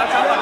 Yeah.